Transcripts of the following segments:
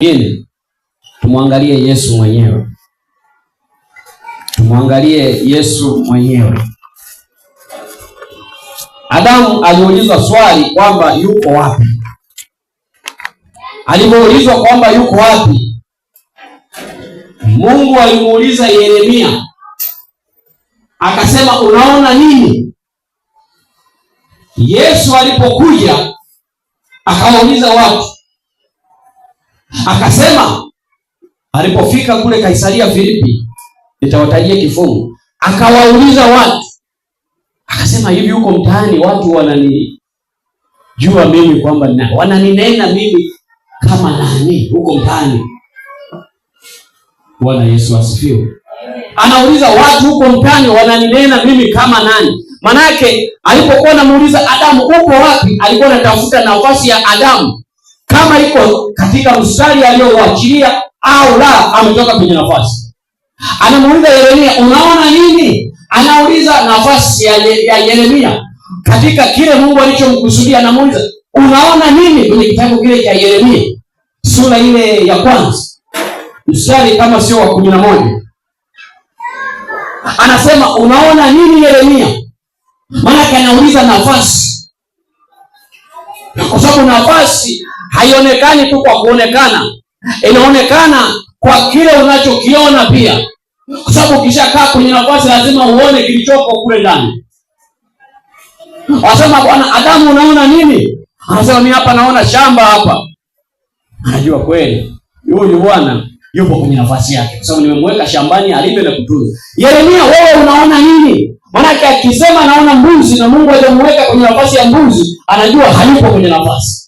Pili, tumwangalie Yesu mwenyewe, tumwangalie Yesu mwenyewe. Adamu aliulizwa swali kwamba yuko wapi. Alipoulizwa kwamba yuko wapi, Mungu alimuuliza Yeremia akasema, unaona nini? Yesu alipokuja akawauliza watu Akasema alipofika kule Kaisaria Filipi, nitawatajia kifungu, akawauliza watu, akasema hivi, huko mtaani watu wananijua mimi kwamba wananinena mimi kama nani huko mtaani? Bwana Yesu asifiwe. Anauliza watu huko mtaani wananinena mimi kama nani? Manake alipokuwa anamuuliza Adamu uko wapi, alikuwa anatafuta nafasi ya Adamu kama iko katika mstari aliyowachilia au la, ametoka kwenye nafasi. Anamuuliza Yeremia, unaona nini? Anauliza nafasi ya, ya Yeremia katika kile Mungu alichomkusudia. Anamuuliza unaona nini kwenye kitabu kile cha Yeremia sura ile ya kwanza mstari kama sio wa kumi na moja anasema unaona nini Yeremia? Maanake anauliza nafasi, kwa sababu nafasi haionekani tu kwa kuonekana, inaonekana kwa kile unachokiona pia, kwa sababu ukishakaa kwenye nafasi lazima uone kilichoko kule ndani. Wasema Bwana Adamu, unaona nini? Anasema mi hapa naona shamba hapa. Anajua kweli huyu bwana yupo kwenye nafasi yake, kwa sababu nimemweka shambani alime na kutunza. Yeremia, wewe unaona nini? Maanake akisema naona mbuzi na Mungu ajamuweka kwenye nafasi ya mbuzi, anajua hayupo kwenye nafasi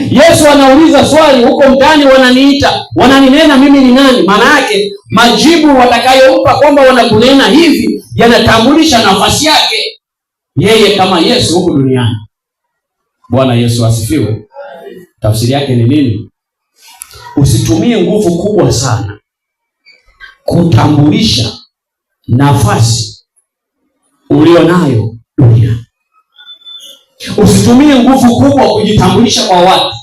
Yesu anauliza swali huko mtani wananiita wananinena mimi ni nani? Maana yake majibu watakayompa kwamba wanakunena hivi yanatambulisha nafasi yake yeye kama Yesu huku duniani. Bwana Yesu asifiwe. Tafsiri yake ni nini? Usitumie nguvu kubwa sana kutambulisha nafasi ulionayo Usitumie nguvu kubwa kujitambulisha kwa watu.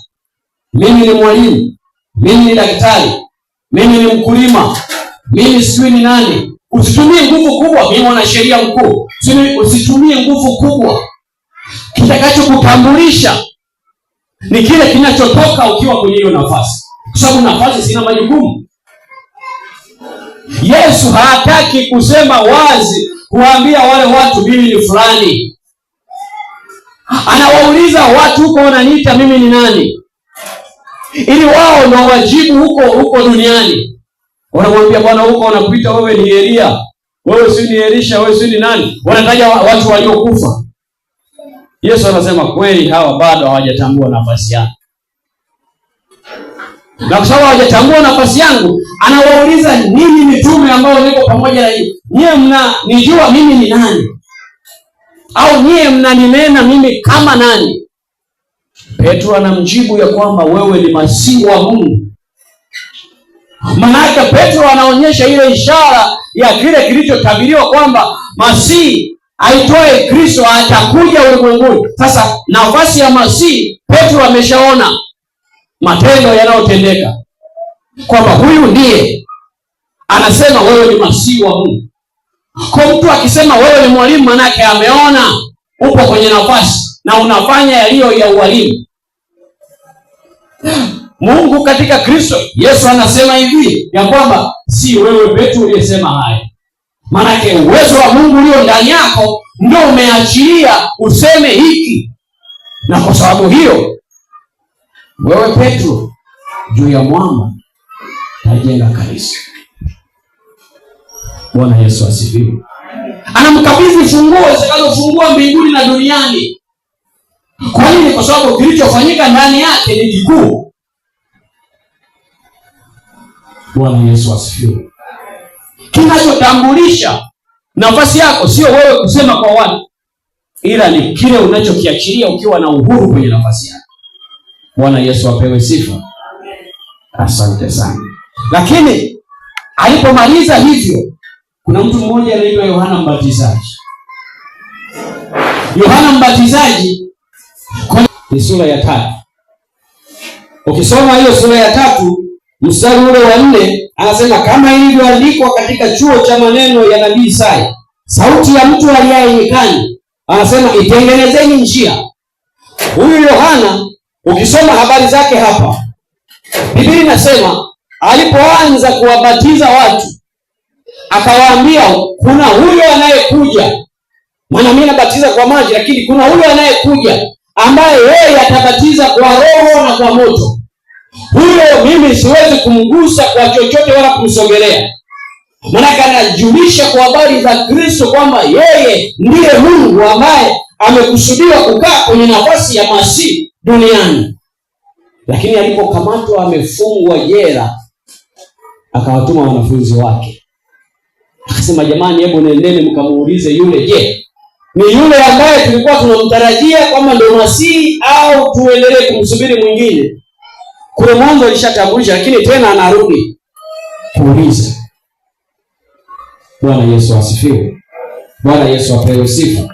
Mimi ni mwalimu, mimi ni daktari, mimi ni mkulima, mimi sijui ni nani. Usitumie nguvu kubwa, mimi mwanasheria mkuu. Usitumie nguvu kubwa. Kitakachokutambulisha ni kile kinachotoka ukiwa kwenye hiyo nafasi, kwa sababu nafasi sina majukumu. Yesu hataki kusema wazi kuwaambia wale watu mimi ni fulani Anawauliza watu huko wananiita mimi ni nani, ili wao na wajibu huko huko duniani. Wanamwambia Bwana, huko wanakuita wewe ni Elia, wewe si ni Elisha, wewe si ni nani, wanataja watu waliokufa. Yesu anasema kweli, hawa bado hawajatambua nafasi yao na kwa sababu hawajatambua nafasi yangu, anawauliza nini mitume ambao niko pamoja na nyinyi, mna nijua mimi ni nani? au nyie mnaninena mimi kama nani? Petro anamjibu ya kwamba wewe ni masihi wa Mungu. Maanake Petro anaonyesha ile ishara ya kile kilichotabiriwa kwamba masihi aitwaye Kristo atakuja ulimwenguni. Sasa nafasi ya masihi Petro ameshaona matendo yanayotendeka kwamba huyu ndiye anasema wewe ni masihi wa Mungu. Kwa mtu akisema wewe ni mwalimu, manake ameona upo kwenye nafasi na unafanya yaliyo ya ualimu. Mungu katika Kristo Yesu anasema hivi ya kwamba si wewe Petro uliyesema haya, manake uwezo wa Mungu ulio ndani yako ndio umeachilia useme hiki, na kwa sababu hiyo wewe Petro juu ya mwamba tajenga kanisa. Bwana Yesu asifiwe. Anamkabidhi funguo zitakazofungua mbinguni na duniani. Kwa nini? Kwa sababu kilichofanyika ndani yake ni kikuu. Bwana Yesu asifiwe. Kinachotambulisha nafasi yako sio wewe kusema kwa watu, ila ni kile unachokiachilia ukiwa na uhuru kwenye nafasi yako. Bwana Yesu apewe sifa. Asante sana. Lakini alipomaliza hivyo kuna mtu mmoja anaitwa Yohana Mbatizaji. Yohana Mbatizaji ni sura ya tatu. Ukisoma hiyo sura ya tatu mstari ule wa nne anasema kama ilivyoandikwa katika chuo cha maneno ya nabii Isaya, sauti ya mtu aliaye nyikani, anasema itengenezeni njia. Huyu Yohana ukisoma habari zake hapa Biblia inasema alipoanza kuwabatiza watu akawaambia kuna huyo anayekuja, maana mimi nabatiza kwa maji, lakini kuna huyo anayekuja ambaye yeye atabatiza kwa Roho na kwa moto. Huyo mimi siwezi kumgusa kwa chochote wala kumsogelea, manake anajulisha kwa habari za Kristo kwamba yeye ndiye Mungu ambaye amekusudiwa kukaa kwenye nafasi ya Masihi duniani. Lakini alipokamatwa amefungwa jela, akawatuma wanafunzi wake Akasema, jamani, hebu nendeni mkamuulize yule, je, ni yule ambaye tulikuwa tunamtarajia kwamba ndio Masihi au tuendelee kumsubiri mwingine? Kule mwanzo alishatambulisha, lakini tena anarudi kuuliza. Bwana Yesu asifiwe. Bwana Yesu apewe sifa.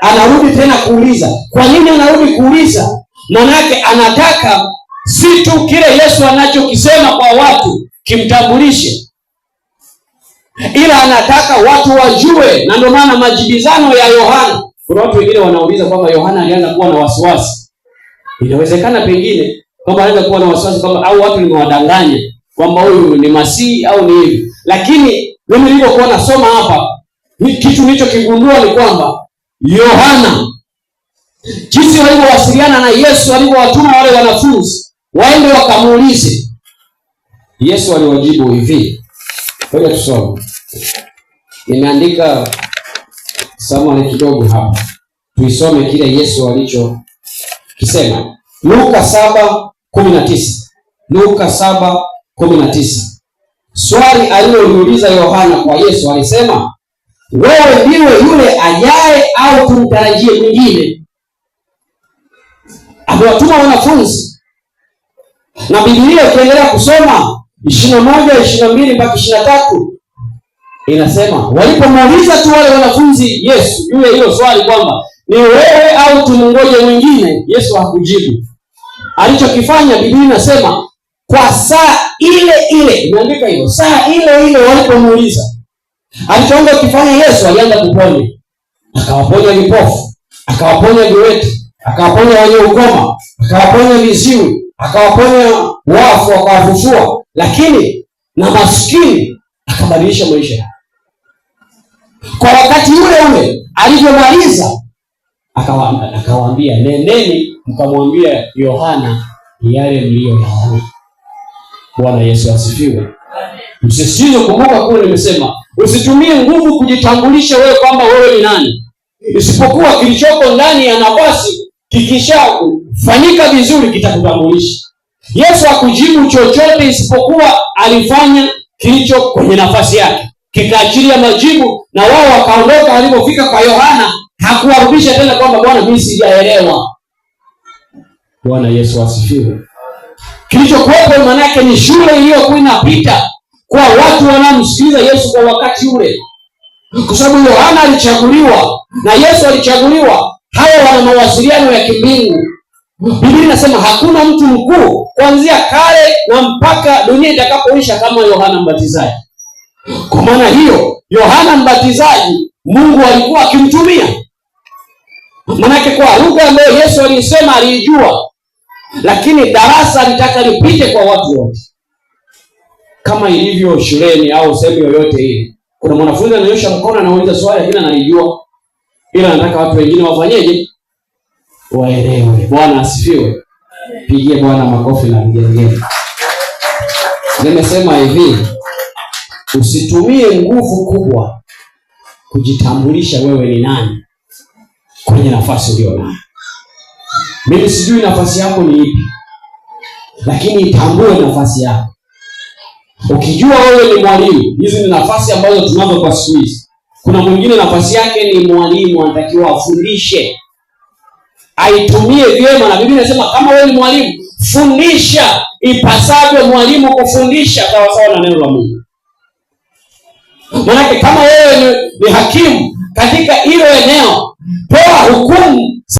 Anarudi tena kuuliza. Kwa nini anarudi kuuliza? Manake anataka si tu kile Yesu anachokisema kwa watu kimtambulishe, ila anataka watu wajue, na ndio maana majibizano ya Yohana. Kuna watu wengine wanauliza kwamba Yohana alianza kuwa na wasiwasi. Inawezekana pengine kwamba anaweza kuwa na wasiwasi kwamba au watu limewadanganya kwamba huyu ni masihi au ni hivi, lakini mimi nilipokuwa nasoma hapa, kitu nilichokigundua ni kwamba Yohana jinsi walivyowasiliana na Yesu alivyowatuma wale wanafunzi waende wakamuulize Yesu aliwajibu hivi. Ngoja tusome. Nimeandika samani kidogo hapa, tuisome kile Yesu alichokisema. Luka 7:19. Luka saba kumi na tisa Swali aliloliuliza Yohana kwa Yesu alisema, wewe ndiwe yule ajaye au tumtarajie mwingine? Amewatuma wanafunzi na Biblia ukiendelea kusoma ishirini na moja ishirini na mbili mpaka ishirini na tatu Inasema walipomuuliza tu wale wanafunzi Yesu juu ya hilo swali kwamba ni wewe au tumngoje mwingine, Yesu hakujibu. Alichokifanya Biblia inasema kwa saa ile ile, imeandika hivyo, saa ile ile walipomuuliza, alichoanza kukifanya Yesu, alianza kuponya. Akawaponya vipofu, akawaponya viwete, akawaponya wenye ukoma, akawaponya viziwi, akawaponya wafu, akawafufua, lakini na maskini akabadilisha maisha yake. Kwa wakati ule ule alivyomaliza, akawaambia nendeni, mkamwambia Yohana yale mliyoyaona. Bwana Yesu asifiwe. Msisitizo, kumbuka kule nimesema usitumie nguvu kujitambulisha wewe kwamba wewe ni nani, isipokuwa kilichoko ndani ya nafasi kikishafanyika vizuri kitakutambulisha. Yesu hakujibu chochote isipokuwa alifanya kilicho kwenye nafasi yake, kikaachilia majibu, na wao wakaondoka. Walipofika kwa Yohana hakuwarudisha tena kwamba bwana, mimi sijaelewa. Bwana Yesu asifiwe. Kilichokuwepo manake ni shule iliyokuwa inapita kwa watu wanaomsikiliza Yesu kwa wakati ule, kwa sababu Yohana alichaguliwa na Yesu alichaguliwa. Hawa wana mawasiliano ya kimbingu Biblia inasema hakuna mtu mkuu kuanzia kale na mpaka dunia itakapoisha kama Yohana Mbatizaji. Kwa maana hiyo, Yohana Mbatizaji Mungu alikuwa akimtumia, manake kwa lugha ambayo Yesu alisema aliijua, lakini darasa alitaka lipite kwa watu wote, kama ilivyo shuleni au sehemu yoyote ile. Kuna mwanafunzi ananyosha mkono, anauliza swali, lakini analijua, ila anataka watu wengine wafanyeje waelewe. Bwana asifiwe. Pigie Bwana makofi na mgengeni. Nimesema hivi, usitumie nguvu kubwa kujitambulisha wewe ni nani kwenye nafasi uliyo nayo. Mimi sijui nafasi yako ni ipi, lakini itambue nafasi yako. Ukijua wewe ni mwalimu, hizi ni nafasi ambazo tunazo kwa siku hizi. Kuna mwingine nafasi yake ni mwalimu, anatakiwa afundishe aitumie vyema, na Biblia inasema kama wewe ni mwalimu, fundisha ipasavyo mwalimu kufundisha sawasawa na neno la Mungu. manake kama wewe ni, ni hakimu katika hilo eneo, toa hukumu